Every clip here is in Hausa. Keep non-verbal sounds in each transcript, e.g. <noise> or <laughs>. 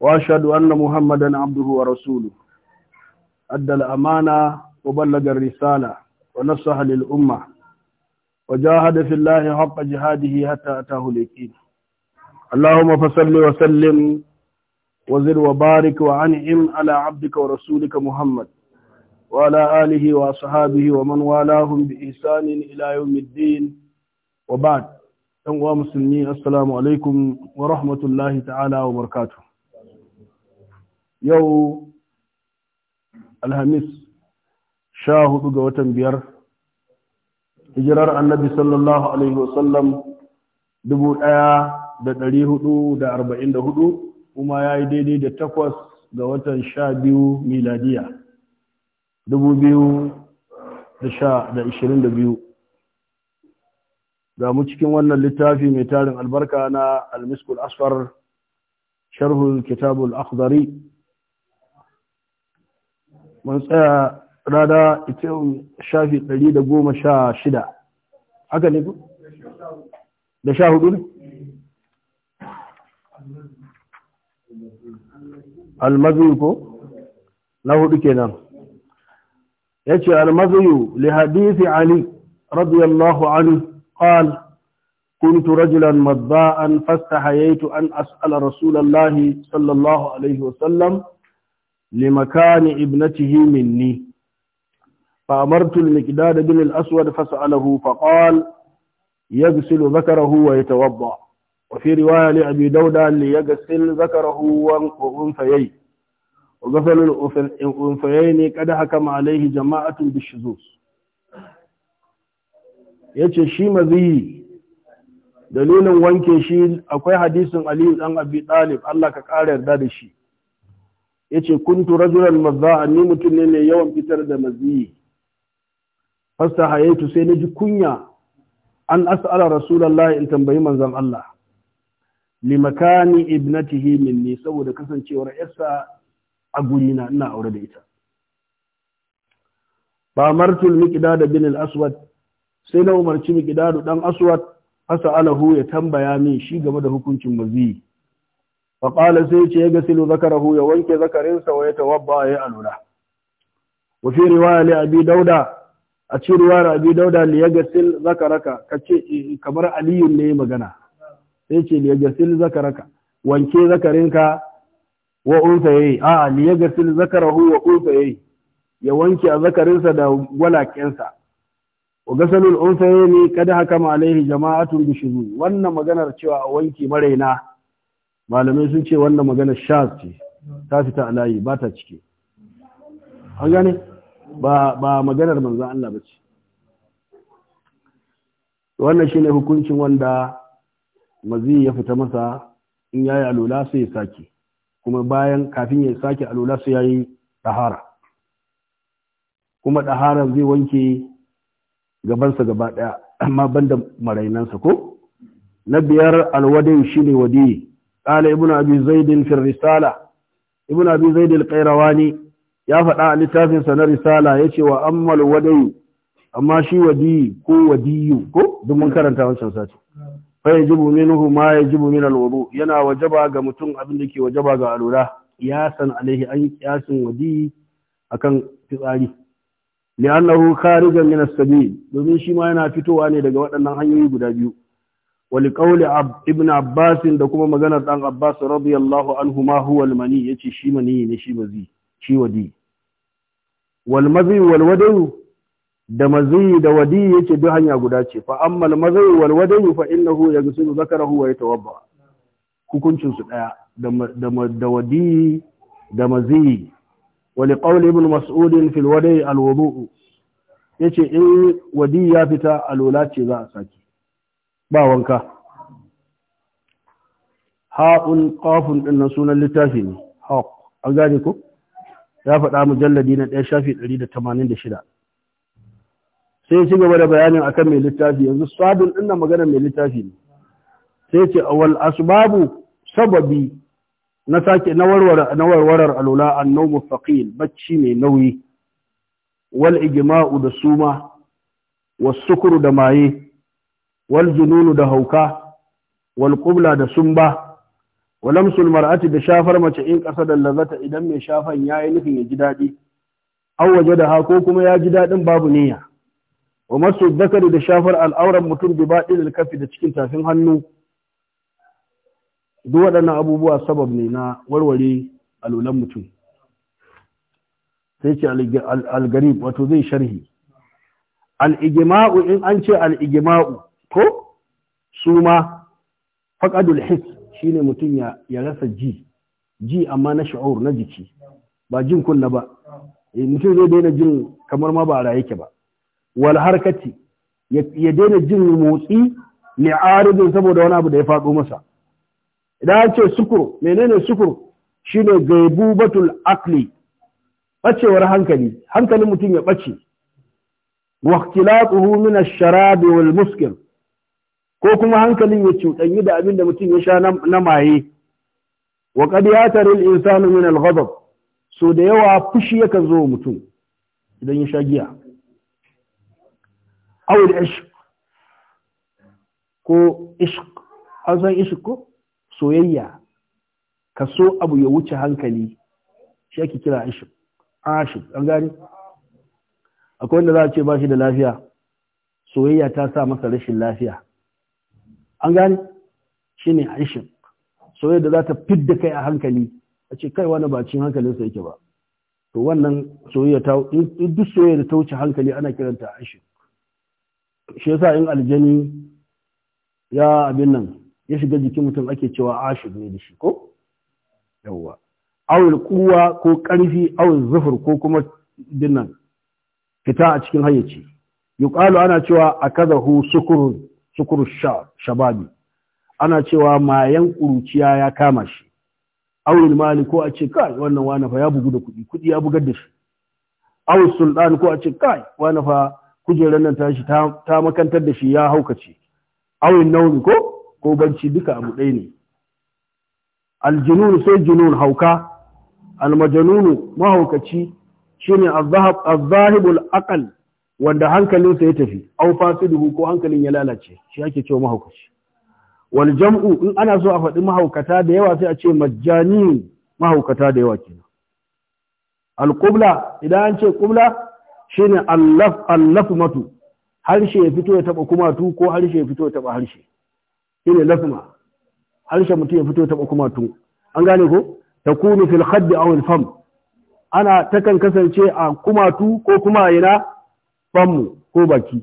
وأشهد أن محمدا عبده ورسوله أدى الأمانة وبلغ الرسالة ونصح للأمة وجاهد في الله حق جهاده حتى أتاه اليقين اللهم فصل وسلم وزر وبارك وأنعم على عبدك ورسولك محمد وعلى آله وأصحابه ومن والاهم بإحسان إلى يوم الدين وبعد أنواع مسلمين السلام عليكم ورحمة الله تعالى وبركاته yau alhamis sha hudu ga watan biyar hijirar annabi sallallahu alaihi wasallam dubu daya da dari hudu da arba'in da hudu kuma ya yi daidai da takwas ga watan sha biyu miladiya dubu biyu da sha da ishirin da biyu ga mu cikin wannan littafi mai tarin albarka na almiskul asfar sharhul kitabul akhdari mun tsaya rada ita shafi ɗari da goma sha shida haka ne ku? da sha hudu ne? almazuyu ko? na hudu kenan ya ce almazuyu li hadithi ali radiyallahu anhu qal كنت رجلا مضاء فاستحييت أن أسأل رسول الله صلى الله عليه وسلم لمكان ابنته مني فأمرت المقداد بن الأسود فسأله فقال يغسل ذكره ويتوضأ وفي رواية لأبي دودة ليغسل ذكره وأنفيي وغسل الأنفيين قد حكم عليه جماعة بالشذوذ yace shi maziyi dalilin wanke shi akwai hadisin Aliyu dan Abi Talib Allah ka kare yarda da shi Ya yace kuntu rajulan mazza'a ni mutum ne mai yawan fitar da maziyi fasta hayatu sai na ji kunya an as'ala rasulallah in tambayi manzon Allah limakani ibnatihi ne saboda kasancewar yarsa a gurina ina aure da ita fa martul miqdad bin al-aswad sai na umarci miqdad dan aswad Alahu ya tambaya min shi game da hukuncin maziyi fa qala sai ce ya gasilu zakarahu ya wanke zakarinsa wa ya tawabba ya alula wa fi riwaya li abi dauda a ci da abi dauda li yagasil zakaraka kace kamar aliyu ne magana sai ce li yagasil zakaraka wanke zakarinka wa unsa yayi a li yagasil zakarahu wa unsa yayi ya wanke a zakarinsa da walakensa wa gasalul unsa yayi kada hakama alaihi jama'atun bishuru wannan maganar cewa a wanke maraina malamai sun ce wannan magana shaz ce ta fita a layi ba ta ciki an gane ba maganar manzan Allah ba ce wannan shi ne hukuncin wanda mazi ya fita masa in ya yi alula sai ya sake kuma bayan kafin ya sake alula sai ya yi ɗahara kuma ɗahara zai wanke gabansa gaba ɗaya amma banda marainansa ko na biyar alwadai shi ne wadiyi قال ابن أبي زيد في الرسالة ابن أبي زيد القيرواني يا فتاة لتافن سنة رسالة يتي وأمل ودي أما شي ودي كو ودي كو دم دمون كرنتا وانشان ساتي فيجب منه ما يجب من الوضوء ينا وجبا غمتون أبنك وجبا غالو له ياسا عليه أن ياسا ودي أكن تقالي لأنه خارجا من السبيل domin شي ما yana fitowa ne daga waɗannan hanyoyi guda biyu wali ibn abbas da kuma maganar ɗan abbas radiyallahu anhu ma huwa almani yace shi mani ne shi mazi shi wadi wal mazi wal wadu da mazi da wadi yace duk hanya guda ce fa amma al mazi wal wadu fa innahu yaghsilu zakarahu wa yatawabba hukuncin su daya da da wadi da mazi wali kauli ibn mas'ud fil wadi al wudu yace in wadi ya fita alula ce za a saki ba wanka ha'un qafun din sunan littafi ne haq an gane ku? ya faɗa mujalladi na ɗaya shafi 186 sai ci gaba da bayanin akan mai littafi yanzu sadun din magana mai littafi ne sai ce awal asbabu sababi na sake na warware na warwarar alula annawmu faqil bacci mai nauyi wal ijma'u da suma was da maye wal jununu da hauka wal qubla da sumba wa lamsul mar'ati da shafar mace in ƙasa da lazata idan mai shafan yayi nufin ya ji daɗi an waje da hako kuma ya ji daɗin babu niyya wa masu zakari da shafar al'auran mutum bi baɗi da kafi da cikin tafin hannu duk waɗannan abubuwa sabab ne na warware alulan mutum sai ce algarib wato zai sharhi al al-ijma'u in an ce al al-ijma'u ko su ma faƙadul his shine mutum ya rasa ji ji amma na sha'ur na jiki ba jin kunna ba eh, mutum zai daina jin kamar ma ba a yake ba wal harkati ya daina jin motsi ne aridin saboda wani abu da ya faɗo masa idan an ce sukur menene sukur shine batul akli Ɓacewar hankali hankalin mutum ya bace wa ikhtilatuhu min ash-sharabi wal muskir ko kuma hankalin ya cuɗanyi da abin da mutum ya sha na maye wa qad ya tare insanu min al-ghadab so da yawa fushi yakan zo mutum idan ya sha giya aw da ishq ko ishq an san ishq ko soyayya ka so abu ya wuce hankali shi ake kira ishq ashik an gani akwai wanda za a ce ba shi da lafiya soyayya ta sa masa rashin lafiya an gane shi ne aishin soyayya da za ta fidda kai a hankali a ce kai wani bacin hankalinsa yake ba to wannan soyayya ta duk soyayya da ta wuce hankali ana kiranta aishin shi yasa in aljani ya abin nan ya shiga jikin mutum ake cewa ashir ne da shi ko yawwa awul kuwa ko karfi awul zufur ko kuma dinnan fita a cikin hayyaci yuqalu ana cewa akazahu sukurun sha shababi ana cewa mayan ƙuruciya ya kama shi awil mali ko a ce kai wannan wani fa ya bugu da kuɗi kuɗi ya bugar da shi awil sultan ko a ce kai wani fa kujerar nan tashi ta makantar da shi ya haukace awil nauni ko ko banci duka abu ɗaya ne aljunun sai junun hauka almajanunu mahaukaci shine azahibul aqal wanda hankalinsa ya tafi au fasiduhu ko hankalin ya lalace shi ake cewa mahaukaci wal jam'u in ana so a faɗi mahaukata da yawa sai a ce majani mahaukata da yawa kenan al qubla idan an ce qubla shine allaf allafmatu harshe ya fito ya taba kumatu ko harshe ya fito ya taba harshe shine lafma harshe mutum ya fito ya taba kumatu an gane ko takunu fil khadd aw al fam ana takan kasance a kumatu ko kuma yana fammu ko baki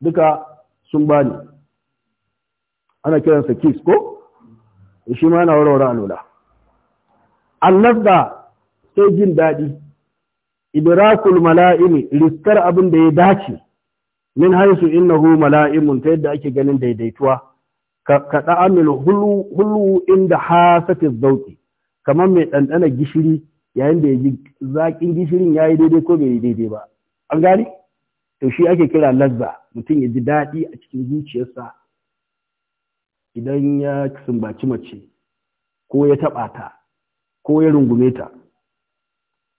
duka sun bani ana kiransa kis ko shi ma yana warware alola annabda sai jin daɗi idrakul mala'imi riskar abin da ya dace min haisu innahu mala'imun ta yadda ake ganin daidaituwa ka da'amil hulu inda hasati zauki kamar mai ɗanɗana gishiri yayin da ya ji zaƙin gishirin ya yi daidai ko bai yi daidai ba an gani to shi ake kira lazza mutum ya ji daɗi a cikin zuciyarsa idan ya sumbaci mace ko ya taɓa ta ko ya rungume ta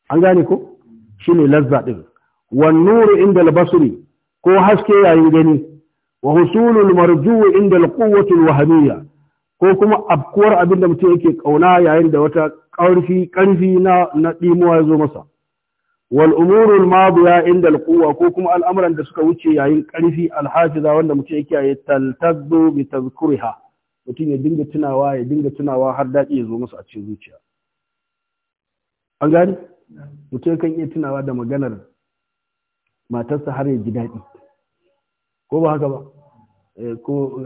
an gane ko shi ne lazza ɗin wan nuru inda albasuri ko haske yayin gani wa husulul marju'u inda alquwwatul wahamiyya ko kuma abkuwar abinda mutum yake ƙauna yayin da wata ƙarfi ƙarfi na na ɗimuwa ya zo masa wal umurul madiya inda alquwa ko kuma al'amuran da suka wuce yayin karfi alhafiza wanda mutum yake yayi taltazzu bi tazkuriha mutum ya dinga tunawa ya dinga tunawa har daɗi ya zo masa a cikin zuciya an gani mutum kan iya tunawa da maganar matarsa har ya ji daɗi ko ba haka ba ko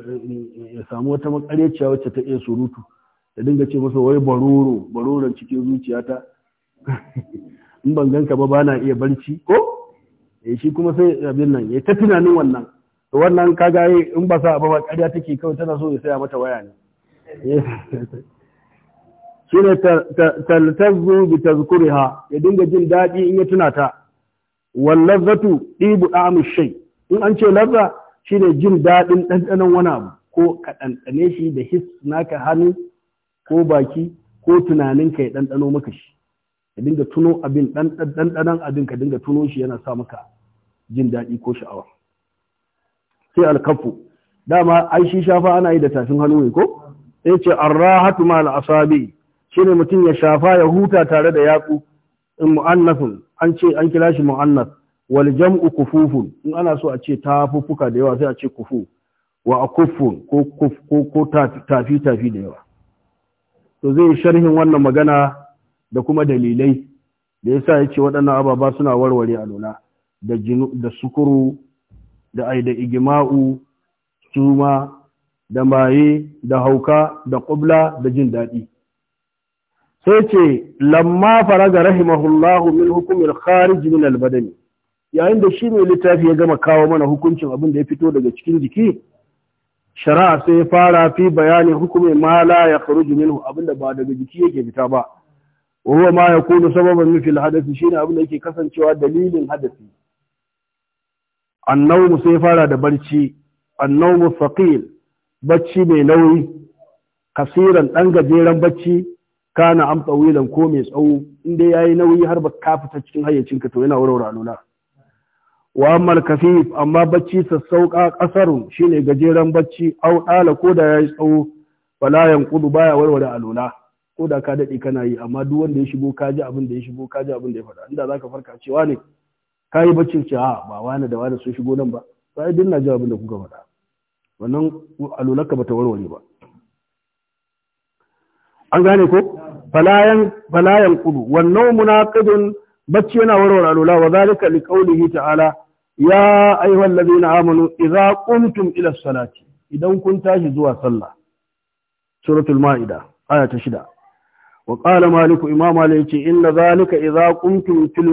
ya samu wata makareciya wacce ta iya surutu da dinga ce masa wai baroro baroron cikin zuciyata in ban ganka ba bana iya barci ko eh shi kuma sai abin nan ya tafi nan wannan to wannan kaga in ba sa ba ƙarya take kawai tana so ya saya mata waya ne <laughs> shi ne taltazu bi tazkuriha ya dinga jin daɗi in ya tuna ta wal ladzatu dibu amu shay in an ce lazza shine jin daɗin ɗanɗanon wani abu ko ka ɗanɗane shi da his naka hannu ko baki ko tunanin ka ya ɗanɗano maka shi ka dinga tuno abin ɗanɗanan abin ka dinga tuno shi yana sa maka jin daɗi ko sha'awa sai alkafu dama ai shi shafa ana yi da tafin hannu ne ko sai ce arrahatu ma al'asabi shine mutum ya shafa ya huta tare da yatsu in mu'annathun an ce an kira shi mu'annath wal jam'u kufufun in ana so a ce tafuffuka da yawa sai a ce kufu wa akufun ko ko tafi tafi da yawa to zai sharhin wannan magana da kuma dalilai da yasa ya ce waɗannan ababa suna warware a lola da sukuru da ai da igima'u suma da maye da hauka da ƙubla da jin daɗi sai ce lamma faraga rahimahullahu min hukumin kharij min albadani yayin da shi ne littafi ya gama kawo mana hukuncin abin da ya fito daga cikin jiki shari'a sai ya fara fi bayanin hukumin ma la ya kharuju minhu abin da ba daga jiki yake fita ba wa huwa ma yakunu sababan min fil hadathi shine abin da yake kasancewa dalilin hadasi annawmu sai fara da barci annawmu thaqil bacci mai nauyi kasiran dan gajeren bacci kana am tawilan ko mai tsawo inda yayi nauyi har ba ka fita cikin hayyacinka to yana warware alula wa ammal kafif amma bacci sassauka kasaru shine gajeren bacci au dala ko da yayi tsawo fala yanqudu baya warware alula ko da ka daɗe kana yi amma duk wanda ya shigo ka ji abin da ya shigo ka ji abin da ya faɗa inda zaka farka cewa ne ka yi baccin ce a ba wani da wani sun shigo nan ba to ai din na ji abin da kuka faɗa wannan ba bata warware ba an gane ko falayan falayan kudu wannan munaqidun bacci yana warware alula wa zalika liqaulihi ta'ala ya ayyuhal ladina amanu idza qumtum ila salati idan kun tashi zuwa sallah suratul ma'ida aya ta shida wa qala malik imam malik yace inna zalika idza qumtum fil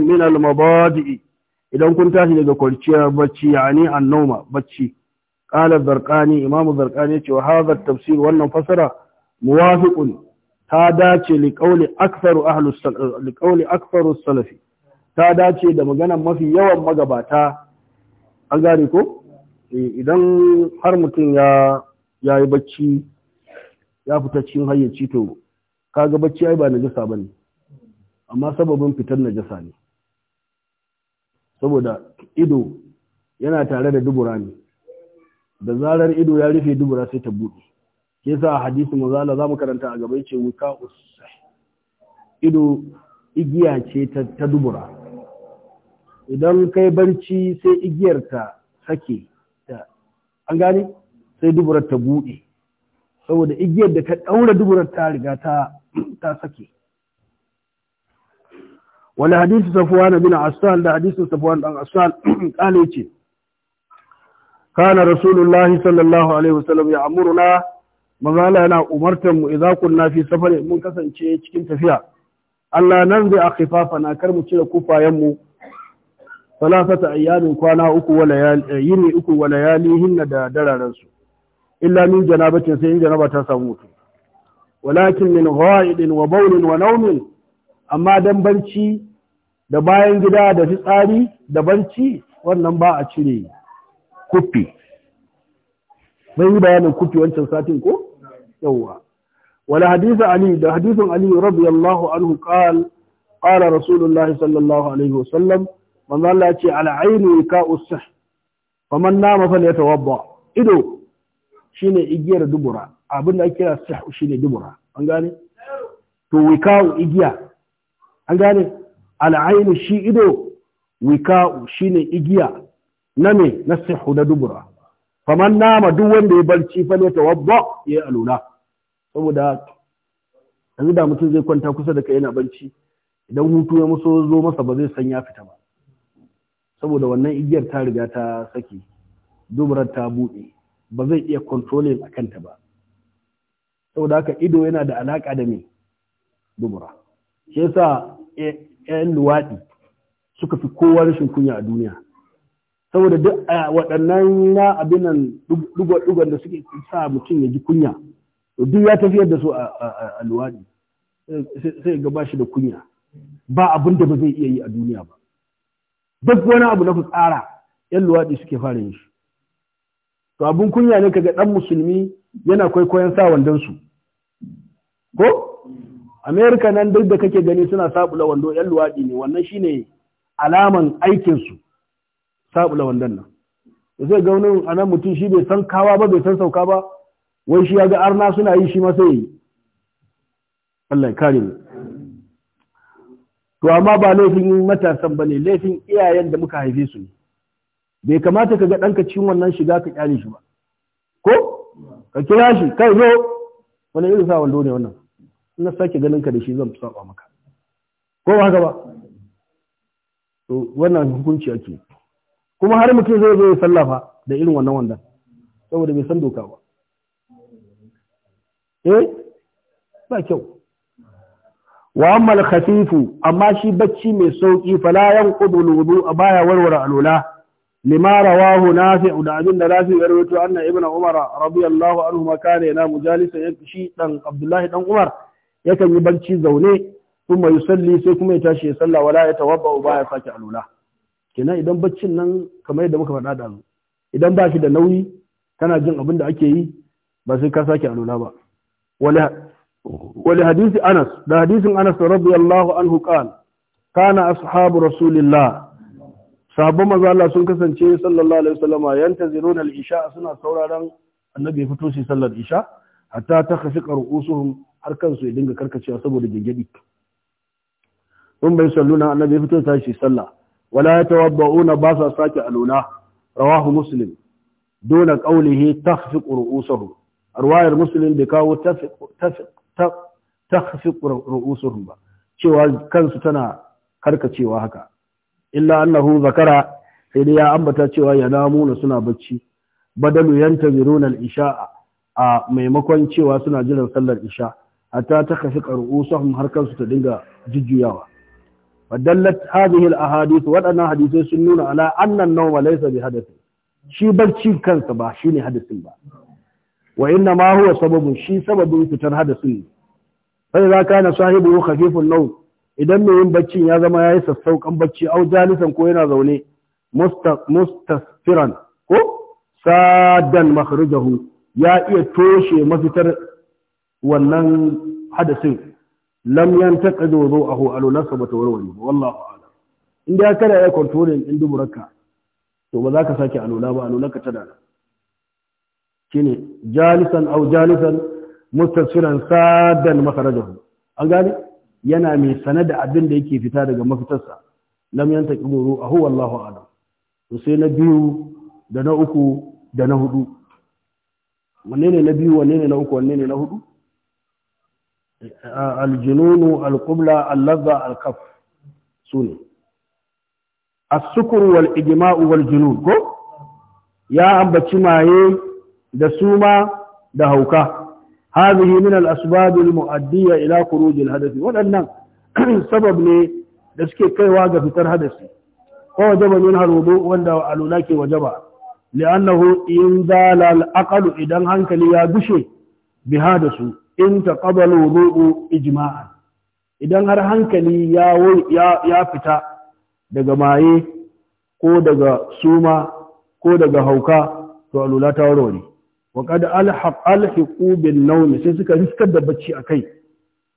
idan kun tashi daga kwanciyar bacci yani annoma bacci qala zarqani imam zarqani yace wa hadha tafsir wannan fasara muwafiqun ta dace li qawli aktharu ahli li qawli aktharu salafi ta dace da maganar mafi yawan magabata an gane ko idan har mutum ya yi bacci ya fita cikin hayyaci to kaga bacci ai ba najasa bane amma sababin fitar najasa ne saboda ido yana tare da dubura ne da zarar ido ya rufe dubura sai ta buɗe ke sa a hadisi mazala za zamu karanta a gaba ce wuka ido igiya ce ta dubura idan kai barci sai igiyar ta sake ta an gane sai duburar ta buɗe saboda igiyar da ta ɗaura duburar ta riga ta ta sake wani hadisi na bin asal da hadisin safuwa dan asal <clears throat> kale ce kana rasulullahi sallallahu alaihi wasallam ya amuruna mazala yana umartar mu idza kunna fi safar mun kasance cikin tafiya Allah nan zai akhifafa na karmu cire kufayen mu salasata ayyamin kwana uku wa layali uku wala yalihin da dararan illa min janabatin sai in janaba ta samu mutum walakin min gha'idin wa baunin, wa naunin, amma dan barci da bayan gida da fitsari da barci wannan ba a cire kufi mun yi bayanin kufi wancan satin ko yawwa wala hadithu ali da hadithun ali radiyallahu anhu qala qala sallallahu alaihi wasallam manzo Allah ya ce al'ainu ka'us faman nama fal yatawadda ido shine igiyar dubura abin da ake kira sahu shine dubura an gane to wika'u igiya an gane al'ainu shi ido wika'u shine igiya na me na sahu da dubura faman nama duk wanda ya barci fa ne tawadda ya alula saboda yanzu da mutum zai kwanta kusa da kai yana barci idan hutu ya muso zo masa ba zai san ya fita ba saboda wannan igiyar ta riga ta saki dubura ta buɗe ba zai iya controlling a kanta ba saboda haka ido yana da alaƙa da me dubura shi yasa yan luwaɗi suka fi kowa rashin kunya a duniya saboda duk waɗannan na abinan dugon da suke sa mutum ya ji kunya duk ya tafiyar da su a luwaɗi sai ga bashi da kunya ba abin da ba zai iya yi a duniya ba duk wani abu na tsara yan luwaɗi suke fara yin shi to abun kunya ne kaga dan musulmi yana kwaikwayon sa wandon su ko america nan duk da kake gani suna sabula wando yan luwaɗi ne wannan shine alaman aikin su sabula wandon nan da zai ga wani anan mutum shi bai san kawa ba bai san sauka ba wai shi ya ga arna suna yi shi ma sai yi Allah ya kare mu to amma ba laifin matasan bane laifin iyayen da muka haife su ne bai kamata ka ga ɗanka cikin wannan shiga ka kyale shi ba ko ka kira shi kai zo wani irin sa wando ne wannan ina sake ganin ka da shi zan saɓa maka ko ba haka ba to wannan hukunci ake kuma har mutum zai zo ya sallafa da irin wannan wanda saboda bai san doka ba eh ba kyau wa amma al-khafifu amma shi bacci mai sauki fala yanqudu al-wudu baya warware alula lima rawahu nafi'u da abin da nafi'u ya rawaito anna ibnu umara radiyallahu anhu ma kana yana mujalisa shi ɗan abdullahi dan umar yakan yi barci zaune kuma yusalli sai kuma ya tashi ya salla wala ya tawabba ba ya sake alula kenan idan baccin nan kamar yadda muka faɗa idan ba da nauyi kana jin abin ake yi ba sai ka sake ba hadisi anas da hadisin anas radiyallahu anhu qala ashabu rasulillah sabon maza Allah sun kasance sallallahu alaihi wasallama yantaziruna al-isha suna sauraron annabi ya fito shi sallar isha hatta ta khashiqa ru'usuhum har kansu ya dinga karkacewa saboda gingidi sun bai salluna annabi ya fito ta shi sallah wala yatawadda'una ba sa sake aluna rawahu muslim dona qawlihi takhfiqu ru'usuhum arwayar muslim da kawo takhfiqu ru'usuhum ba cewa kansu tana karkacewa haka illa annahu zakara sai dai ya ambata cewa ya namuna suna bacci badalu yantaziruna al-isha'a a maimakon cewa suna jiran sallar isha a ta kafi sahun har kansu ta dinga jujjuyawa fadallat hadhihi al-ahadith wadannan hadisai sun nuna ala annan nawma laysa bi hadath shi barci kansa ba shine hadasin ba wa inna ma huwa sababun shi sababin fitar hadasin fa idza kana sahibu khafifun nawm idan mai yin bacci ya zama ya yi sassauƙan bacci au jalisan ko yana zaune mustasfiran ko sadan makhrajahu ya iya toshe mafitar wannan hadasin lam yantaqid wudu'ahu alulasa bata warware wallahu a'lam inda ya kada ya controlling din duburaka to ba za ka sake alula ba alulaka tana nan ne jalisan au jalisan mustasfiran sadan makhrajahu an gane yana mai sane da abin da yake fita daga mafitarsa lam yanta kiburu a huwa Allahu alam to sai na biyu da na uku da na hudu wanne ne na biyu wanne ne na uku wanne ne na hudu eh, Al-Jununu, Al-Qubla, al ladha Al-Kaf sune as sukur wal ijma'u wal junun ko ya ambaci maye da suma da hauka hadhihi min al-asbab al-mu'addiya ila khuruj al-hadath wadannan sabab ne da suke kaiwa ga fitar hadasi ko wajaba min al-wudu wanda alula ke wajaba li'annahu in zala al idan hankali ya bushe biha da su, in taqabala wudu'u ijima'a. idan har hankali ya fita daga maye ko daga suma ko daga hauka to alula ta warware wa qad alhaq alhiqu bin nawm sai suka riskar da bacci akai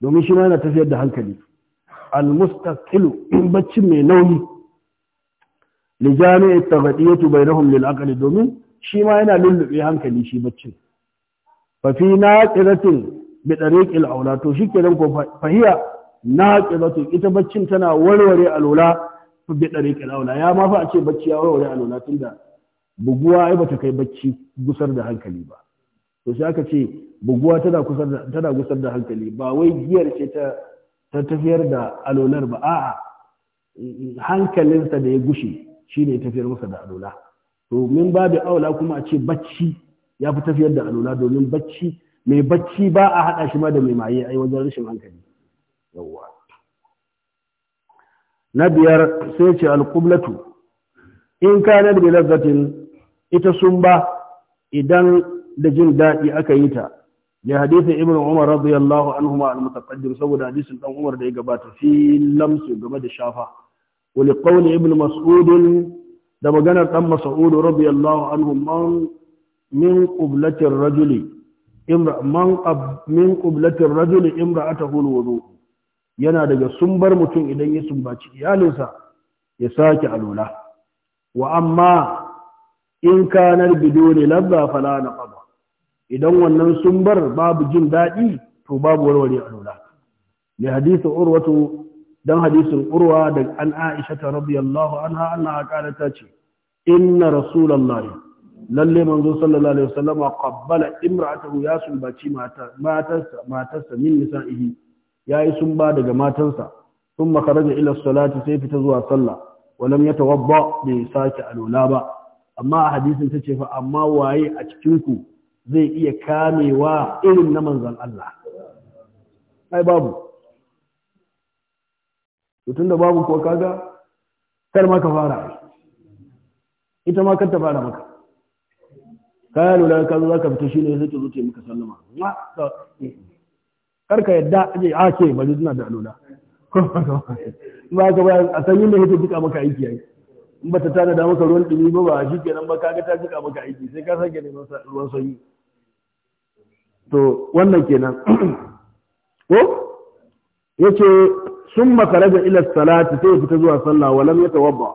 domin shi ma yana tafiyar da hankali al mustaqilu bacci mai nauyi li jami'i taghdiyatu bainahum lil aqli domin shi ma yana lullube hankali shi bacci fa fi naqiratin bi tariqil aula to shi shikenan ko fahiya naqiratu ita baccin tana warware alula bi tariqil aula ya ma fa a ce bacci ya warware alula tunda buguwa ai bata kai bacci gusar da hankali ba to sai aka ce buguwa tana kusar da tana gusar da hankali ba wai giyar ce ta ta tafiyar da alolar ba a'a hankalinsa da ya gushe shine ya tafiyar masa da alola to min babu aula kuma a ce bacci ya fi tafiyar da alola domin bacci mai bacci ba a haɗa shi ma da mai maye ai wajen rashin hankali yawwa na biyar sai ce alƙublatu in kanar bi lazzatin ita sumba idan da jin daɗi aka yi ta ya hadisin ibn umar radiyallahu anhu ma al-mutaqaddim saboda hadisin dan umar da ya gabata fi lamsu game da shafa wa li qawli ibn mas'ud da magana dan mas'ud radiyallahu anhu man min ar rajuli imra man min ar rajuli imra'atahu wudu yana daga sumbar mutum idan ya sumbaci iyalinsa ya sake alula wa amma in kanar bidoni labba fala na qada idan wannan sun bar babu jin daɗi to babu warware alula li urwa to dan hadisin urwa da an aisha ta radiyallahu anha annaha qalat ta ce inna rasulullahi lalle manzo sallallahu alaihi wasallam qabbala imra'atahu ya sulbaci mata matarsa matarsa min nisa'ihi yayi sun daga matansa thumma kharaja ila salati sai fita zuwa sallah walam yatawadda bi saki alula ba amma a hadisin ta ce fa amma waye a cikinku zai iya kamewa irin na manzan Allah ai babu to da babu ko kaga kar ma ka fara ita ma kar ta fara maka kalu la ka zo ka fita shine sai ta zo ta maka sallama eh. kar ka yadda aje a ke bari suna da lura <laughs> ba ka ba a san yin da yake duka maka aiki yayi in ba ta tada da maka ruwan dumi ba ba shi kenan ba kaga ta jika maka aiki sai ka sake neman ruwan sanyi to wannan kenan <clears throat> ko yace summa kharaja ila salati sai ya fita zuwa sallah wa lam yatawadda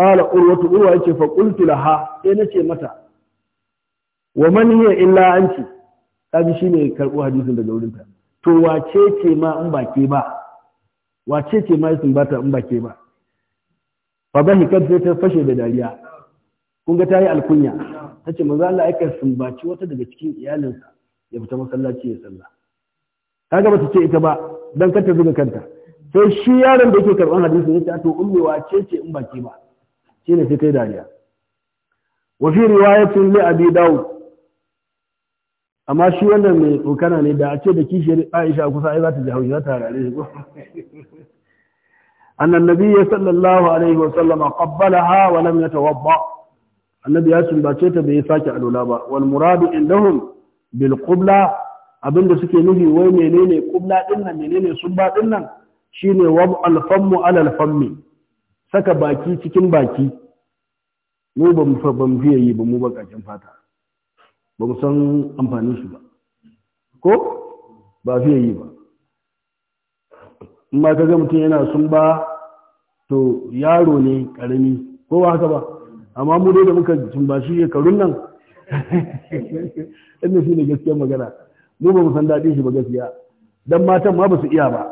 qala urwatu urwa yace fa qultu laha sai nace mata wa man hiya illa anti kaji shine karbo hadisin daga ta to wace ce ma in ba ke ba wace ce ma sun bata in ba ke ba fa bahikat sai ta fashe da dariya kun ga tayi alkunya tace manzo Allah aika sumbaci wata daga cikin iyalinsa ya fita masallaci ya salla kaga bata ce ita ba dan kanta zuga kanta sai shi yaron da yake karban hadisi ce to ummi wace ce in baki ba shine sai kai dariya wa fi riwayatin li abi daud amma shi wannan mai tsokana ne da a ce da kishiyar Aisha kusa ai za ta ji haushi za ta harare shi أن النبي صلى الله عليه وسلم قبلها ولم يتوضأ النبي ياسم باتشيت بيساك الولابا والمراد عندهم بالقبلة abin da suke nufi wai menene kubla din nan menene subba din nan shine wab alfammu alal fammi saka baki cikin baki mu ba mu fa ban fiye yi ba mu kakin fata ba mu san amfanin shi ba ko ba fiye yi ba in ba ka ga mutum yana sun ba to yaro ne karami ko ba haka ba amma mu dai da muka sumbashi shekarun nan inda <laughs> shi ne gaskiyar magana mu ba mu san daɗin shi ba gaskiya dan matan ma ba su iya ba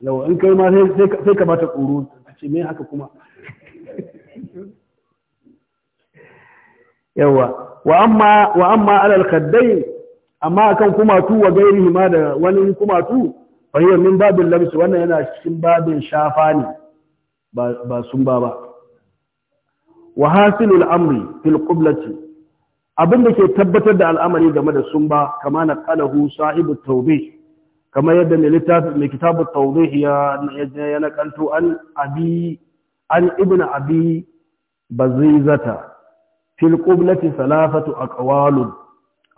yau in kai ma sai ka bata tsoro ce me haka kuma <laughs> yawa wa amma amma alal khaddai amma akan kumatu wa gairi ma da wani kumatu fahiyar min babin lamsu wannan yana cikin babin shafa ne ba sun ba ba wa hasilul amri fil qiblati abinda ke tabbatar da al'amari game da sun ba kama na qalahu sahibu tawbih kama yadda mai littafi mai kitabu tawbih ya ya nakalto an abi an ibn abi bazizata fil qiblati salafatu aqwalun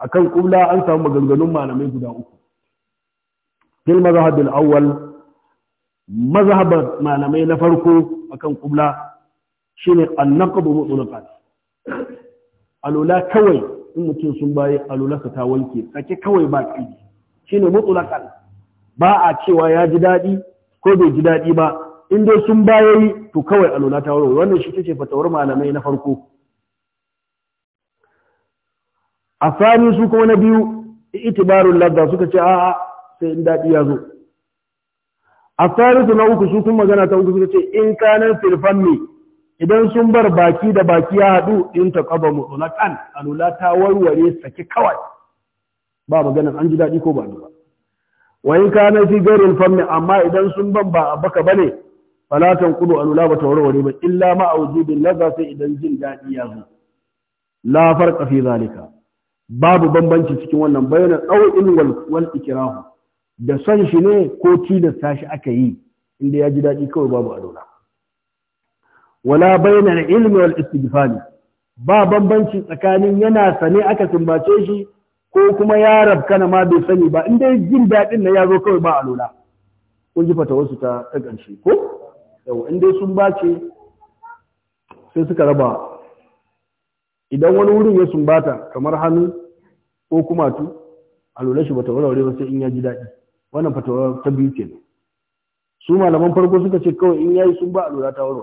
akan ƙubla an samu maganganun malamai guda uku في المذهب الأول awwal ما malamai na farko akan شيني shine an قالوا لا كوي kawai in mutum sun bayi alula ta wanke sake kawai ba kai shine mutlaqan ba a cewa ya ji daɗi, ko bai ji daɗi ba in sun bayayi to kawai alula ta warware wannan shi ce fatawar malamai na farko a su kuma na biyu itibarun ladda suka ce a'a sai in daɗi ya zo a tarihi na uku su kun magana ta uku su ce in kanar firfan ne idan sun bar baki da baki ya haɗu in ta ƙaba mutu na ƙan alula ta warware saki kawai ba magana an ji daɗi ko ba ni ba wa in kanar fi garin fammi amma idan sun ban ba a baka bane falatan kudu alula ba ta warware ba illa ma bin laza sai idan jin daɗi ya zo la farqa fi zalika babu bambanci cikin wannan bayanan ɗau'in in wal ikirahu. da son shi ne ko tilasta shi aka yi inda ya ji daɗi kawai babu a alwala wala bayyana ilmi wal istighfari ba bambanci tsakanin yana sane aka sumbace shi ko kuma ya na ma bai sani ba in dai jin daɗin na ya zo kawai ba a alwala kun ji fata wasu ta ta ƙarshe ko yau in dai sun bace sai suka raba idan wani wurin ya sumbata kamar hannu ko kumatu alwala shi bata warware ba sai in ya ji daɗi wannan fatawa ta biyu ke su malaman farko suka ce kawai in yayi sun ba a lura ta wuro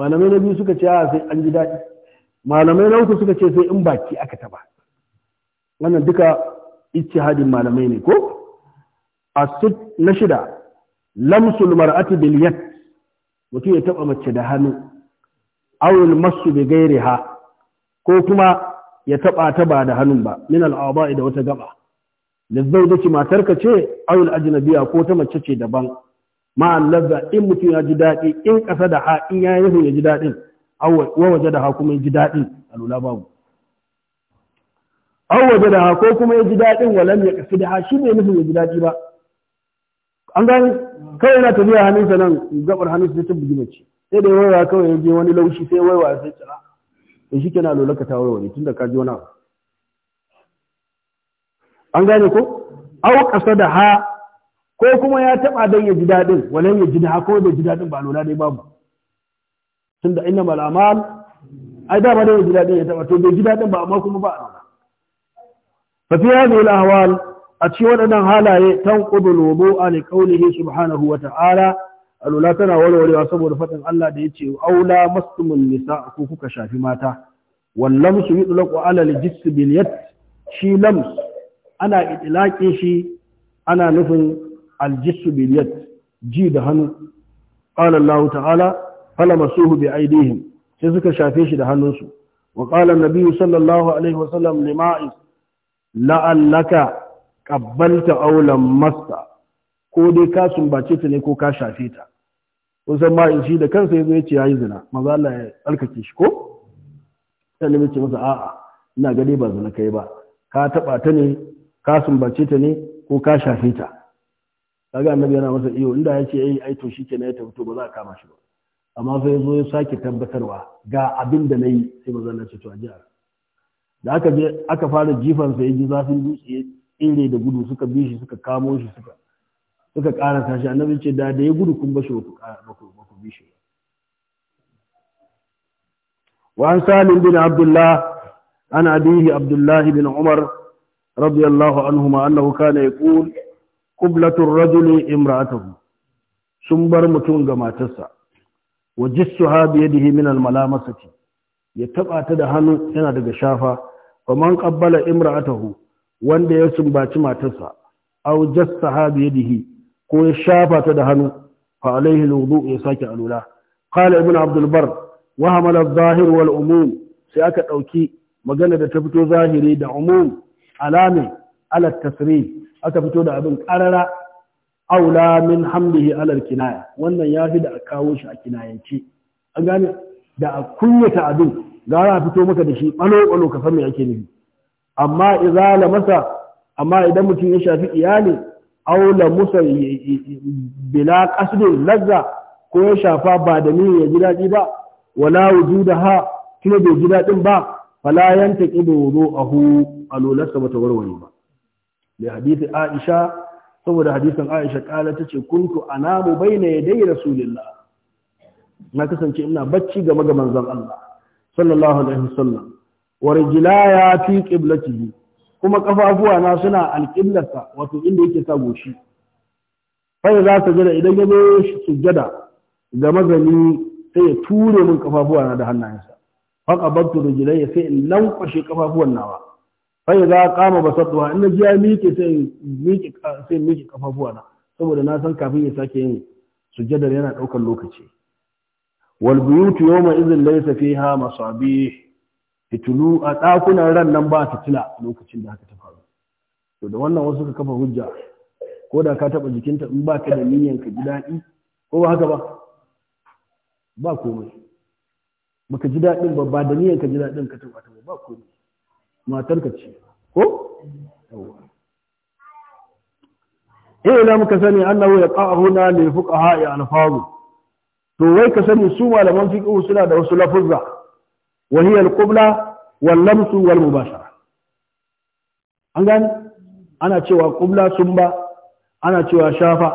malamai na biyu suka ce a sai an ji daɗi malamai na uku suka ce sai in baki aka taba wannan duka hadin malamai ne ko asid na shida lamsul mar'ati bil yad mutum ya taba mace da hannu awil masu bi gairiha ko kuma ya taba ta ba da hannun ba min al da wata gaba lizzaujaci matarka ce awil ajnabiya ko ta mace ce daban ma lazza in mutum ya ji daɗi in ƙasa da ha in ya yi ya ji daɗin wa waje da ha kuma ya ji daɗin a lula babu an waje da ha ko kuma ya ji daɗin walam ya ƙafi da ha shi ne nufin ya ji daɗi ba an gan kawai yana tafiya hannunsa nan gabar hannunsa ta bugi mace sai da waiwa kawai ya je wani laushi sai waiwa sai tsira to shi kenan lola ka ta waiwa ne tun da ka ji wani abu an gane ko au da ha ko kuma ya taba dan ya ji dadin walan ya ji ha ko bai ji dadin ba lola dai babu tunda innamal a'mal ai da ba da ya ji dadin ya taba to bai ji dadin ba amma kuma ba lola fa fi hadhihi al-ahwal a cikin waɗannan halaye tan qudul wudu an qawlihi subhanahu wa ta'ala alula tana warwarewa saboda faɗin Allah da ya ce aula mastumin nisa ko kuka shafi mata wallam su yi tsulaku alal jissu biliyat shi lams ana itilaƙin shi ana nufin aljisu biliyat ji da hannu ƙalar Allah ta'ala fala masuhu bi aidihim sai suka shafe shi da hannunsu wa qala an-nabi sallallahu alaihi wasallam lima'is la'allaka ƙabbalta aulan masta. ko dai ka sumbace ta ne ko ka shafe ta kusan ma in shi da kansa ya ya ce yi zina mazala Allah ya tsarkake shi ko sai ne ce masa a'a ina gani ba zina kai ba ka taba ta ne ka sumbace ta ne ko ka shafe ta kaga annabi yana masa iyo inda ya ce ai ai to shikenan ya tafi to ba za a kama shi ba amma sai ya zo ya sake tabbatarwa ga abin da nayi sai ba zan ce to a ji da aka je aka fara jifan sa ji zafin dutse ya tsere da gudu suka bi shi suka kamo shi suka suka karasa shi annabi ce da da ya gudu kun bashi ba ku ba ku bi shi Wa an سالم bin abdullah ana abihi abdullah bin Umar. رضي الله عنهما أنه كان يقول قبلة الرجل امرأته سنبر متون ما تسع وجسها بيده من الملامسة يتبع تدهن هنا دقشافة فمن قبل امرأته wanda ya sumbaci matarsa aw jassaha bi yadihi ko ya shafa ta da hannu fa alaihi alwudu ya sake alula qala ibn abd albar wa hamala adh wal umum sai aka ɗauki magana da ta fito zahiri da umum alamin ala tasri aka fito da abin karara aula min hamdihi ala kinaya wannan ya fi da a kawo shi a kinayance an gane da a kunyata abin gara a fito maka da shi balo balo ka san me ake nufi amma idza lamasa amma idan mutum ya shafi iyali aula musa bila qasdin lazza ko ya shafa ba da ni ya ji daɗi ba wala wujudaha kina bai ji daɗin ba fala yantaqidu a alulasa bata warware ba li hadisi Aisha saboda hadisin Aisha kala tace kuntu anamu baina yaday rasulillah na kasance ina bacci game ga manzon Allah sallallahu alaihi wasallam wa rijlaya fi qiblatihi kuma kafafuwa suna alqiblarsa wato inda yake sa goshi fa za ta jira idan ya zo sujjada ga mazani sai ya ture min kafafuwa na da hannayensa fa qabattu rijlayya sai in lankwashe kafafuwan nawa fa kama qama basatuha in ji ya miƙe sai miƙe sai miƙe kafafuwana saboda na san kafin ya sake yin sujjadar yana daukar lokaci wal buyutu yawma idhin laysa fiha masabih fitulu a dakunan ran nan ba fitila lokacin da haka ta faru to da wannan wasu ka kafa hujja ko da ka taba jikinta in ba ka da niyyan ka ji daɗi ko ba haka ba ba komai baka ji daɗin ba ba da niyan ka ji daɗin ka tabbata ba ba ko matar ka ce ko yawa eh ina muka sani annahu yaqa'una li fuqaha ya alfazu to wai ka sani su malaman fiqh suna da wasu lafuzza wa hiya al wal lamsu wal mubashara an gani ana cewa qibla sun ba ana cewa shafa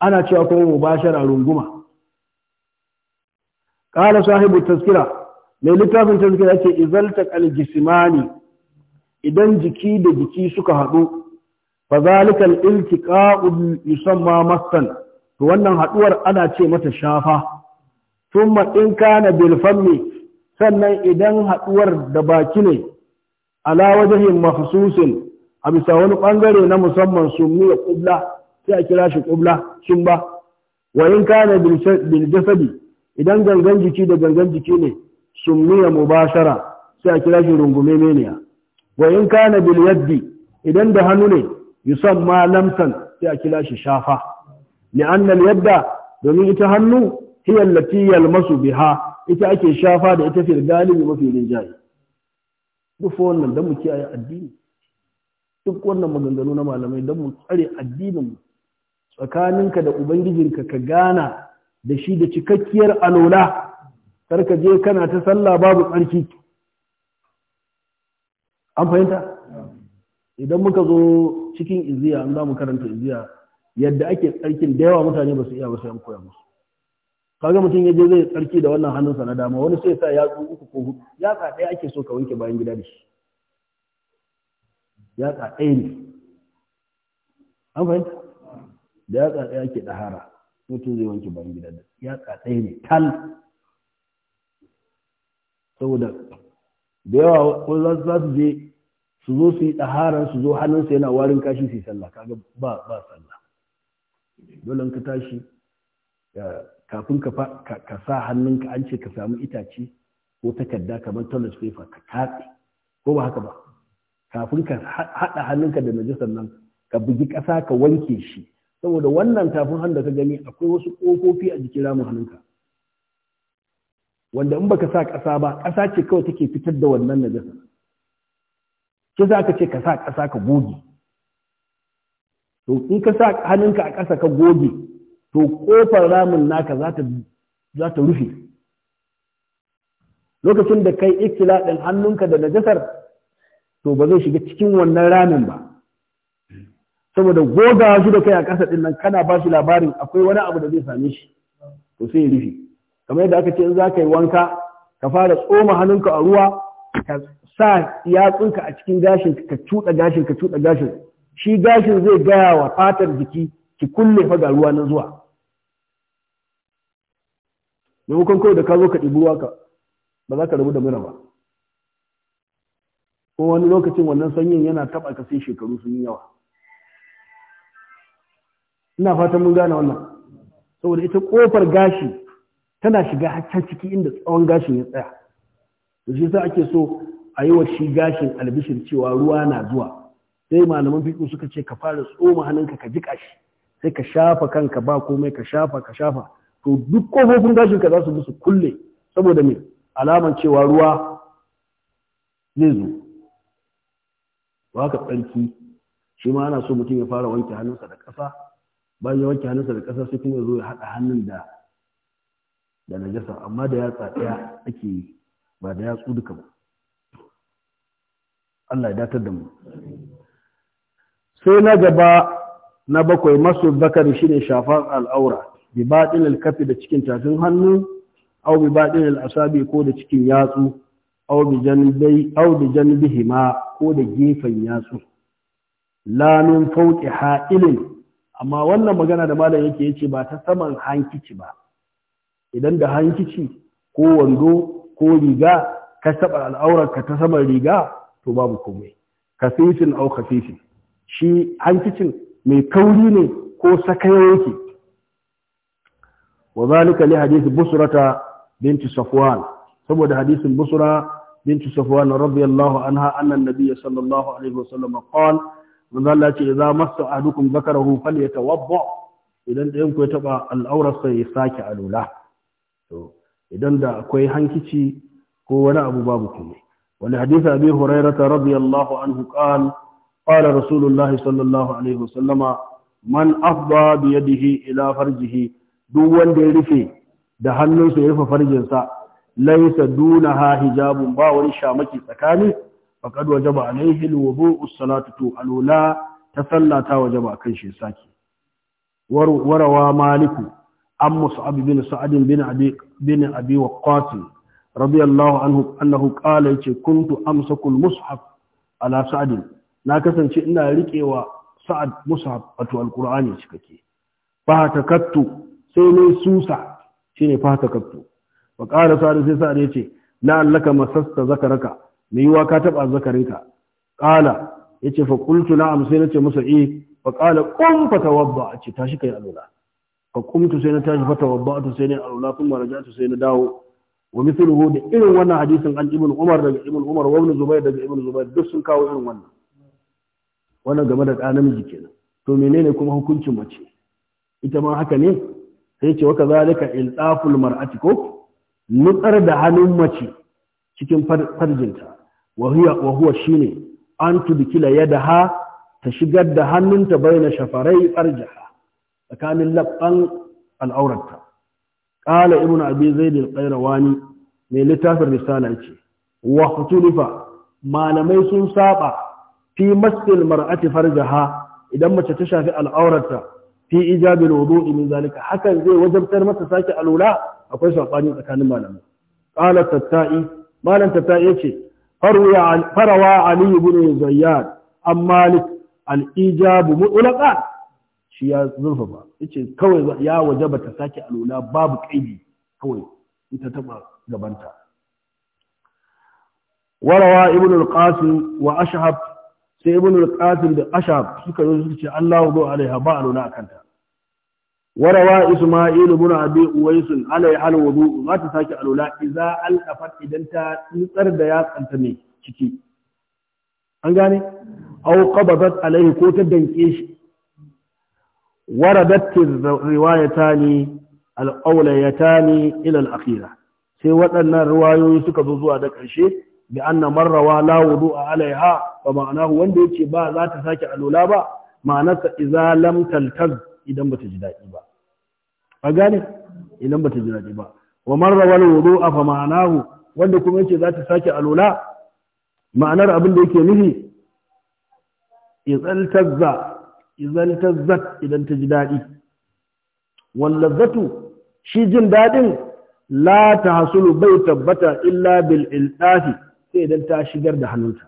ana cewa kuma mubashara runguma qala sahibu tazkira mai littafin taskira yace izalta al idan jiki da jiki suka haɗu fa zalika al iltiqa'u yusamma massan to wannan haduwar ana ce mata shafa Tun in kana bil fammi sannan idan haɗuwar da baki ne ala wajhin mahsusin a bisa wani ɓangare na musamman sumiya qibla sai a kira shi qibla shin ba wa in kana bil idan gangan jiki da gangan jiki ne summiya mubashara sai a kira shi rungume meniya wa in kana bil yaddi idan da hannu ne yusamma lamsan sai a kira shi shafa anna al yadda domin ita hannu hiya allati yalmasu biha ita ake shafa da ita fil galibi mafi rinjaye duk wannan dan mu kiyaye addini duk wannan maganganu na malamai dan mu tsare addinin tsakaninka da ubangijinka ka gana da shi da cikakkiyar alola karka je kana ta sallah babu tsarki an fahimta idan muka zo cikin iziya an za mu karanta iziya yadda ake tsarkin da yawa mutane ba su iya ba sai an koya musu kaga mutum ya je zai tsarki da wannan hannunsa na dama wani sai sa yatsu uku ko hudu yatsa ɗaya ake so ka wanke bayan gida da shi yatsa ɗaya ne an fahimta da yatsa ɗaya ake ɗahara mutum zai wanke bayan gida da yatsa ɗaya ne tal saboda da yawa ko za su je su zo su yi ɗaharar su zo hannunsa yana warin kashi su yi sallah kaga ba ba sallah dole ka tashi kafin ka sa hannunka an ce ka samu itace ko takarda kamar toilet paper ka tatse ko ba haka ba kafin ka haɗa hannunka da najisar nan ka bugi ƙasa ka wanke shi saboda wannan tafin hannu da ka gani akwai wasu ƙofofi a jikin ramin hannunka wanda in baka sa ƙasa ba ƙasa ce kawai take fitar da wannan najasa ki za ka ce ka sa ƙasa ka goge to in ka sa hannunka a ƙasa ka goge to ƙofar ramin naka za ta rufe lokacin da kai ikila ɗin hannunka da najasar to ba zai shiga cikin wannan ramin ba saboda goga shi da kai a ƙasa ɗin nan kana ba shi labarin akwai wani abu da zai same shi to sai ya rufe kamar yadda aka ce in za ka yi wanka ka fara tsoma hannunka a ruwa ka sa yatsunka a cikin gashin ka cuɗa gashin ka cuɗa gashin shi gashin zai gaya wa fatar jiki ki kulle fa ga ruwa na zuwa maimakon kawai da ka zo ka ɗibi ruwa ka ba za ka rabu da mura ba ko wani lokacin wannan sanyin yana taɓa ka sai shekaru sun yi yawa ina fatan mun gane wannan saboda ita kofar gashi tana shiga har ciki inda tsawon gashin ya tsaya to shi yasa ake so a yi wa shi gashin albishir cewa ruwa na zuwa sai malaman fiƙo suka ce ka fara tsoma hannunka ka jiƙa shi sai ka shafa kanka ba komai ka shafa ka shafa to duk kofofin gashin ka za su musu kulle saboda me alaman cewa ruwa zai zo ba ka tsarki shi ma ana so mutum ya fara wanke hannunsa da ƙasa bayan ya wanke hannunsa da ƙasa sai kuma zo ya haɗa hannun da da najasa amma da yatsa ɗaya ake yi ba da yatsu duka ba Allah ya datar da mu sai na gaba na bakwai masu bakari shine shafan al'aura bi baɗin alkafi da cikin tafin hannu au bi baɗin al'asabi ko da cikin yatsu au bi ma ko da gefen yatsu lanun fauƙi ha'ilin amma wannan magana da malam yake yace ba ta saman hankici ba idan da hankici ko wando ko riga ka saba al'aurarka ta saman riga to babu komai kafifin au kafifin shi hankicin mai kauri ne ko sakaya yake wa zalika li hadith busrata binti safwan saboda hadisin busra binti safwan radiyallahu anha anna an-nabiy sallallahu alaihi wasallam qala manzo Allah ce idza massa ahadukum zakarahu falyatawadda idan ɗayan ku ya taba al'aurar sai ya sake alula to idan da akwai hankici ko wani abu babu kuma wani hadisi abi hurairata radiyallahu anhu qala qala rasulullahi sallallahu alaihi wasallama man afda bi yadihi ila farjihi duk wanda ya rufe da hannunsa ya rufe farjinsa laisa dunaha hijabun ba wani shamaki tsakani faqad wajaba alaihi alwudu as-salatu to alula ta sallata wajaba kan shi sake. warawa maliku an mus'ab bin sa'ad bin abi bin abi radiyallahu anhu annahu qala yace kuntu amsaku mushaf ala sa'ad na kasance ina wa sa'ad mushaf wato alqur'ani cikakke fa takattu sai ne susa shine fa takattu wa qala sa'ad sai sa'ad yace la'allaka masasta zakaraka mai yiwa ka taba zakarinka qala yace fa qultu na'am sai nace musa eh fa qala qum fatawadda ce tashi kai alula fa qumtu sai na tashi to sai ne alula kuma marajatu sai na dawo wa mithluhu da irin wannan hadisin an ibn umar daga ibn umar wa ibnu zubair daga ibn zubair duk sun kawo irin wannan wannan game da ɗan namiji kenan to menene kuma hukuncin mace ita ma haka ne sai ce wa kazalika iltaful mar'ati ko nutsar da hannun mace cikin farjinta wa huwa shine an tudkila yadaha ta shigar da hannunta baina shafarai arjaha tsakanin labban al'auratta qala ibn abi zaid al-qayrawani mai littafin risala ce. wa khutulifa malamai sun saba fi masil mar'ati farjaha idan mace ta shafi al'auratta fi ijabil wudu'i min zalika hakan zai wajabtar mata sake alula akwai sabani tsakanin malamai qala tattai malam tattai yace فروى Aliyu بن زياد عن مالك الإجاب مطلقا shi ya zurfafa yace kawai ya wajaba ta sake alula babu kaidi kawai ita taba gabanta warawa ibn al-qasim sai ibn al da ashhab suka zo suka ce Allah wa alaiha ba a kanta. وروى إسماعيل بن أبي أويس عليه الوضوء ما تساك الأولى إذا ألقفت إذا أنت نصر ديات أنت مي شكي أنجاني أو قبضت عليه كوتا دنكيش وردت الروايتان الأوليتان إلى الأخيرة sai waɗannan ruwayoyi suka zo zuwa da ƙarshe bi anna marrawa la wudu'a alaiha fa ma'anahu wanda yake ba za ta sake alula ba ma'anarsa idza lam taltaz idan bata ji daɗi ba a gane idan bata ji daɗi ba wa man rawal wudu'a fa ma'anahu wanda kuma yace za ta sake alula ma'anar abin da yake nufi idan tazza idan idan ta ji daɗi wal ladzatu shi jin daɗin la tahsulu bai tabbata illa bil iltafi sai idan ta shigar da hannunta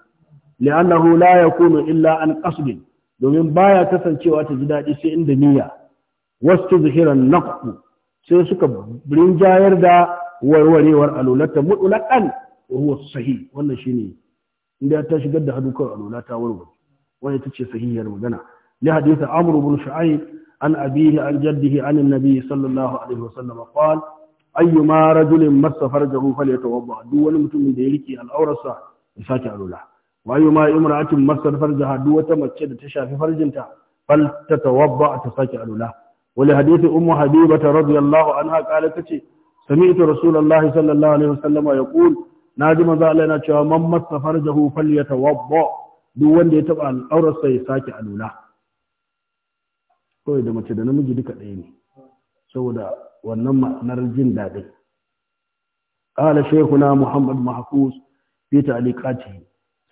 li'annahu la yakunu illa an qasdin domin baya kasancewa ta ji daɗi sai inda niyya wasu zuhiran naqu sai suka rinjayar da warwarewar alulata mutlaqan wa huwa sahi. wannan shine inda ta shigar da hadukar kan alulata warware wani ta ce sahihiyar magana li hadith amru ibn shu'aib an abihi an jaddihi an annabi sallallahu alaihi wasallam qala ayyuma rajulin massa farjahu falyatawadda duk wani mutumin da ya rike al'aurarsa ya sake alula wayo ma imra'atin masar farjaha duk wata mace da ta shafi farjinta fal tawabba ta saki alula wali hadisi ummu habibata radiyallahu anha kala tace sami'tu rasulullahi sallallahu alaihi wasallam yaqul naji manzo Allah yana cewa man masa farjahu falyatawabba duk wanda ya taba al'aurar sai ya saki alula kawai da mace da namiji duka ɗaya ne saboda wannan ma'anar jin daɗi قال شيخنا محمد محفوظ في تعليقاته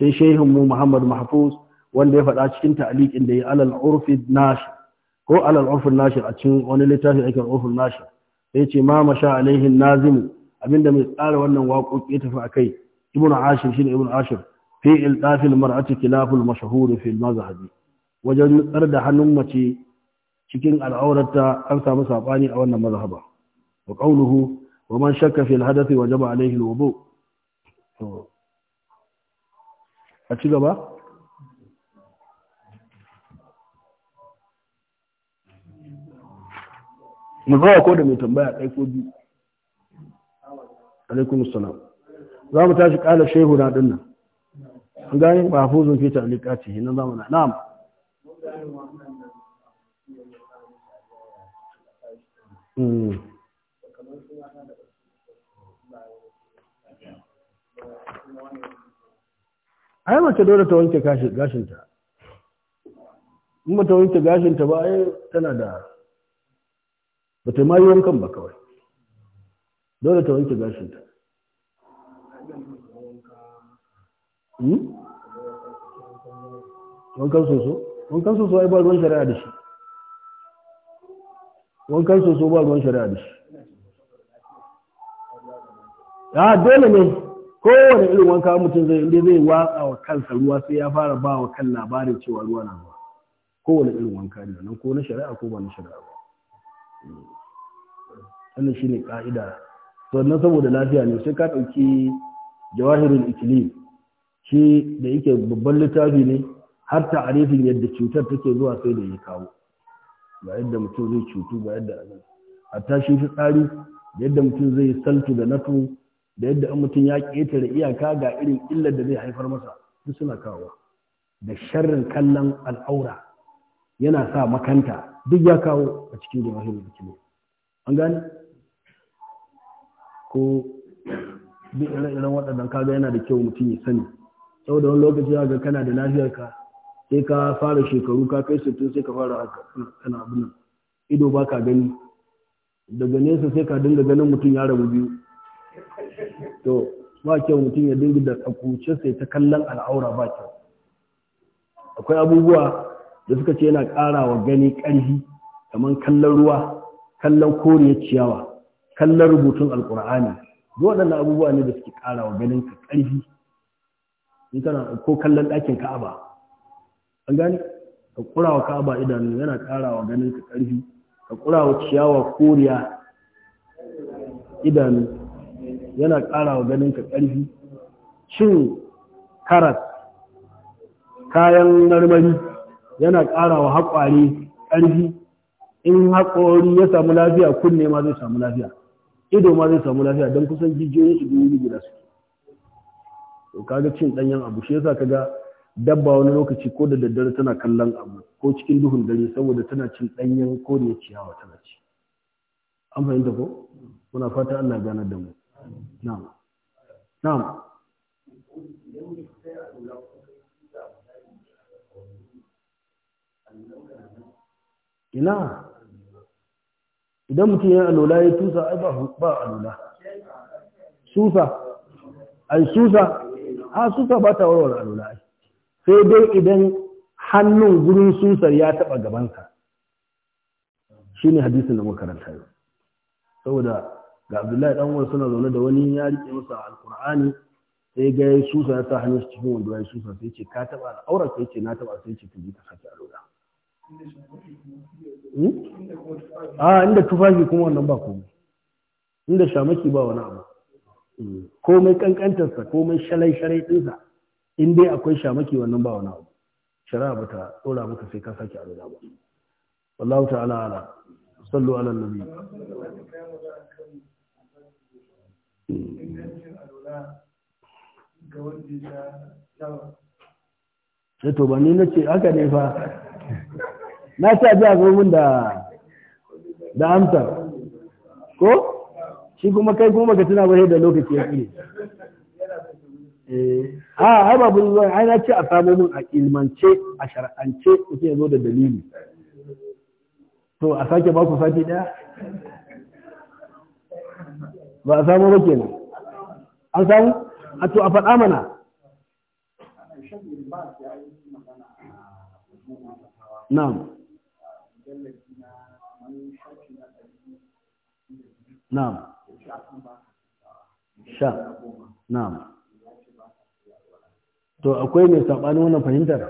sai shehin mu Muhammad Mahfuz wanda ya faɗa cikin ta'liqin da ya alal urfi nashi ko alal urfi nashi a cikin wani littafi ake urfi nashi sai ce ma masha alaihi nazim abinda mai tsara wannan waƙoƙi ya tafi akai ibnu ashir shine ibnu ashir fi iltafi almar'ati khilaful mashhur fi almazhabi wajen nutsar da hannun mace cikin al'aurarta an samu sabani a wannan mazhaba wa qawluhu wa man shakka fi alhadathi wajaba alaihi alwudu a ci gaba mu ko da mai tambaya ɗai ko biyu alaikum salam za mu tashi ƙala shehu na ɗin nan an gani ba hafuzun fita alikaci na zamana na'am Mm. ai mace dole ta wanke gashinta in ba ta wanke gashinta ba ai tana da ba ta ma wankan ba kawai dole ta wanke gashinta hmm? wankan soso wankan soso ai ba ruwan shari'a da shi wankan soso ba ruwan shari'a da shi a ah, dole ne kowane irin wanka mutum zai inda zai watsa wa kansa ruwa sai ya fara ba wa kan labarin cewa ruwa na zuwa kowane irin wanka ne nan ko na shari'a ko ba na shari'a ba wannan shine ka'ida sannan saboda lafiya ne sai ka ɗauki jawahirul ikilim shi da yake babban littafi ne har ta arifin yadda cutar take zuwa sai da ya kawo ba yadda mutum zai cutu ba yadda a hatta shi fi tsari yadda mutum zai saltu da natu da yadda an mutum ya ƙetare iyaka ga irin illar da zai haifar masa duk suna kawo da sharrin kallon al'aura yana sa makanta duk ya kawo a cikin da hikima an gane ko duk irin waɗannan kaga yana da kyau mutum ya sani saboda wani lokaci ga kana da lafiyar ka sai ka fara shekaru ka kai sittin sai ka fara kana abin nan ido ba ka gani daga nesa sai ka dinga ganin mutum ya rabu biyu to ba kyau mutum ya dinga da tsakuce sai ta kallon al'aura ba kyau akwai abubuwa da suka ce yana ƙara wa gani ƙarfi kamar kallon ruwa kallon koriyar ciyawa kallon rubutun alƙur'ani duk waɗannan abubuwa ne da suke ƙara wa ganin ka ƙarfi in kana ko kallon ɗakin ka'aba an gane ka ƙura wa ka'aba idanu yana ƙara wa ganin ka ƙarfi ka ƙura wa ciyawa koriya idanu yana ƙara wa ganin ka ƙarfi cin karas kayan marmari yana ƙara wa haƙwari ƙarfi in haƙori ya samu lafiya kunne ma zai samu lafiya ido ma zai samu lafiya don kusan jijiyoyin su biyu guda su to kaga cin ɗanyen abu shi yasa kaga dabba wani lokaci ko da daddare tana kallon abu ko cikin duhun dare saboda tana cin ɗanyen ko ciyawa tana ci an fahimta ko muna fata Allah ganar da mu na'am na'am ina idan mutum ya alola ya tusa ai ba alola susa ai susa Ha susa ba ta warware alola ai sai dai idan hannun gurin susar ya taba gabansa shine hadisin da muka karanta yau saboda ga abdullahi dan uwar suna zaune da wani ya rike masa alkur'ani sai ga ya susa ya sa hannun su cikin wanda ya susa sai ce ka taba al'aura sai ce na taba sai ce ka ji ta sake al'aura hmm? a inda tufafi kuma wannan ba komai inda shamaki ba wani abu hmm. komai kankantarsa komai shalai-shalai ɗinsa in dai akwai shamaki wannan ba wani abu shari'a ba ta ɗora maka sai ka sake a ba wallahu ta'ala ala sallu ala nabi sai eh, to ba ni na ce haka ne fa na ce a ji a zomin da da amsar ko shi kuma kai kuma baka tuna ba da lokaci ya ƙi eh a ai ba bin zuwa ai na ce a samo mun a ilmance a shar'ance kuke zo da dalili to a sake ba ku sati daya ba a samu ba kenan an samu a to a faɗa mana na'am na'am sha na'am to akwai mai saɓanin wannan fahimtar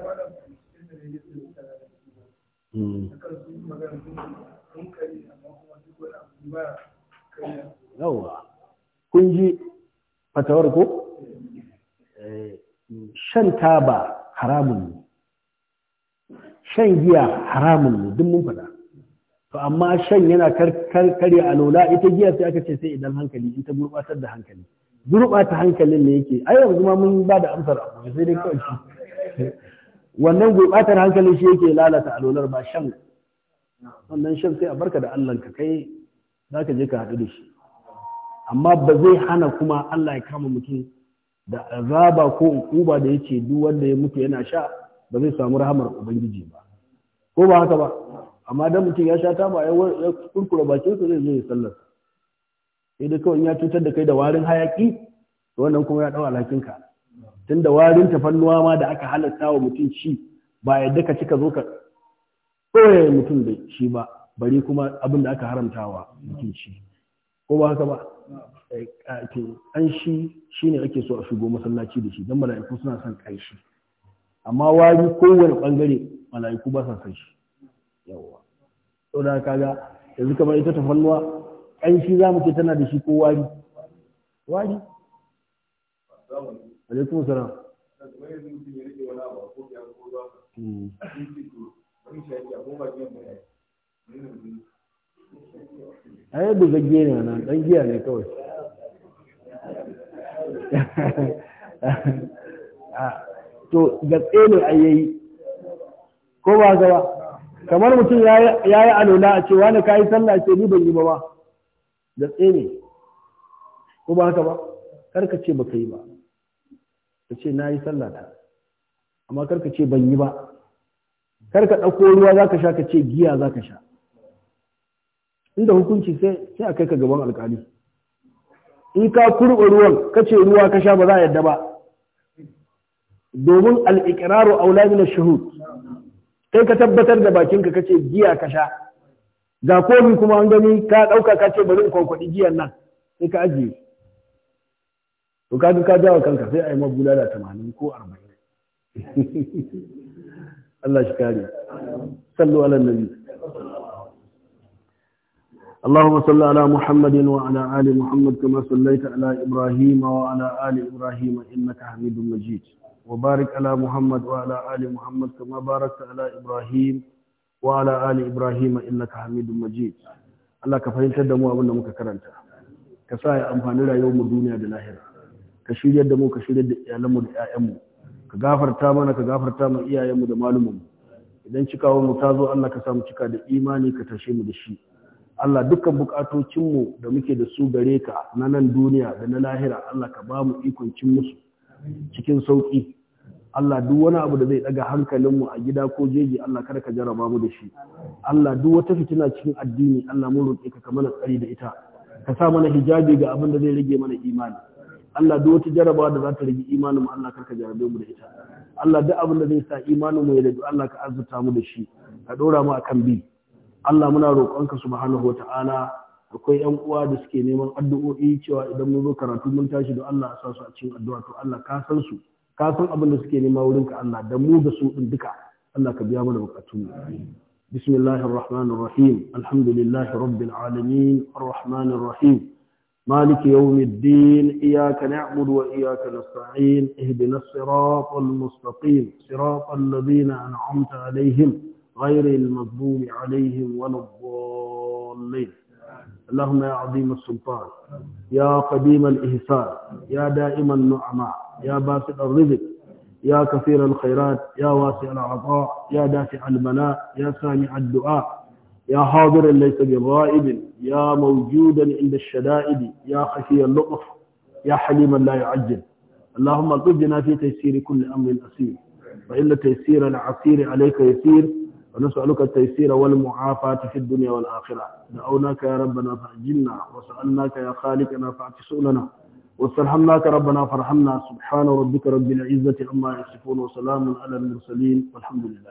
Mm. yawa kun ji fatawar ko shan taba haramun ne shan giya haramun ne duk mun faɗa to amma shan yana a alola ita giya sai aka ce sai idan hankali in ta gurbatar da hankali gurbata hankalin ne yake ai yanzu ma mun ba da amsar abu sai dai kawai shi wannan gurbatar hankalin shi yake lalata alolar ba shan wannan shan sai a barka da Allah ka kai zaka je ka haɗu da shi amma ba zai hana kuma Allah ya kama mutum da azaba ko ukuba da yace duk wanda ya mutu yana sha ba zai samu rahamar ubangiji ba ko ba haka ba amma dan mutum ya sha ta ba ya kurkura bakin sa zai zo ya sallar sai dai kawai ya cutar da kai da warin hayaki wannan kuma ya dau alhakin ka tunda warin tafannuwa ma da aka halatta wa mutum shi ba yadda ka cika zo ka tsoye mutum da shi ba bari kuma abin da aka haramtawa mutum shi ko ba haka ba eh, an shi shi ne ake so a shigo masallaci da shi don mala'iku suna son ƙanshi amma wari kowane ɓangare mala'iku ba sa son shi yawwa to da kaga yanzu kamar ita tafannuwa ƙanshi za mu ce tana da shi ko wari wari alaikum salam Mm. A ai buzagge ne nan dan giya ne kawai <laughs> ah, to gatse ne a yayi ko ba gaba kamar mutum ya yi alola a cewa ne ka yi sallah ce ni ban yi ba ba gatse ne ko ba haka ba karka ce ba ka yi ba ka ce na yi sallah ta amma karka ce ban yi ba karka ɗauko ruwa za ka sha ka ce giya za ka sha inda hukunci sai a kai ka gaban alkali in ka kurɓa ruwan ka ce ruwa ka sha ba za a yadda ba domin al'ikiraru aula min shahud kai ka tabbatar da bakinka ka ce giya ka sha ga komi kuma an gani ka ɗauka ka ce bari in kwankwaɗi giyan nan sai ka ajiye to ka ka jawo kanka sai a yi mabula da tamanin ko arba'in <laughs> Allah shi kare sallu ala nabi اللهم صل على محمد وعلى آل محمد كما صليت على إبراهيم وعلى آل إبراهيم إنك حميد مجيد وبارك على محمد وعلى آل محمد كما باركت على إبراهيم وعلى آل إبراهيم إنك حميد مجيد Allah ka fahimtar da mu abin da muka karanta ka sa ya amfani rayuwar duniya da lahira ka shiryar da mu ka shiryar da iyalanmu da ƴaƴanmu ka gafarta mana ka gafarta mu iyayenmu da malumin idan cikawa mu ta zo Allah ka samu cika da imani ka tashe mu da shi Allah dukkan bukatocinmu da muke da su gare ka na nan duniya da na lahira Allah ka ba mu ikon cin musu cikin sauƙi Allah duk wani abu da zai daga hankalinmu a gida ko jeji Allah kada ka jaraba mu da shi Allah duk wata fitina cikin addini Allah mun roƙe ka ka mana tsari da ita ka sa mana hijabi ga abin da zai rage mana imani Allah duk wata jarabawa da za ta rage imanin mu Allah kar ka jarabe mu da ita Allah duk abin da zai sa imanin mu ya rage Allah ka azurta mu da shi ka dora mu akan bi Allah muna roƙonka subhanahu wata'ala akwai yan uwa da suke neman addu'o'i cewa idan mun zo karatu mun tashi da Allah sa su a cikin addu'a to Allah ka san su ka san abin da suke nema wurin ka Allah da mu da su din duka Allah ka biya mana bukatun mu bismillahir alhamdulillahi rabbil alamin arrahmanir rahim مالك يوم الدين إياك نعبد وإياك نستعين اهدنا الصراط المستقيم صراط الذين أنعمت غير المظلوم عليهم ولا الضالين اللهم يا عظيم السلطان يا قديم الإحسان يا دائم النعماء يا باسط الرزق يا كثير الخيرات يا واسع العطاء يا دافع البلاء يا سامع الدعاء يا حاضر ليس بغائب يا موجودا عند الشدائد يا خفي اللطف يا حليما لا يعجل اللهم اطلبنا في تيسير كل أمر أسير فإن تيسير العسير عليك يسير ونسألك التيسير والمعافاة في الدنيا والآخرة دعوناك يا ربنا فأجلنا وسألناك يا خالقنا فاعتسوا لنا واسترحمناك ربنا فارحمنا سبحان ربك رب العزة عما يصفون وسلام على المرسلين والحمد لله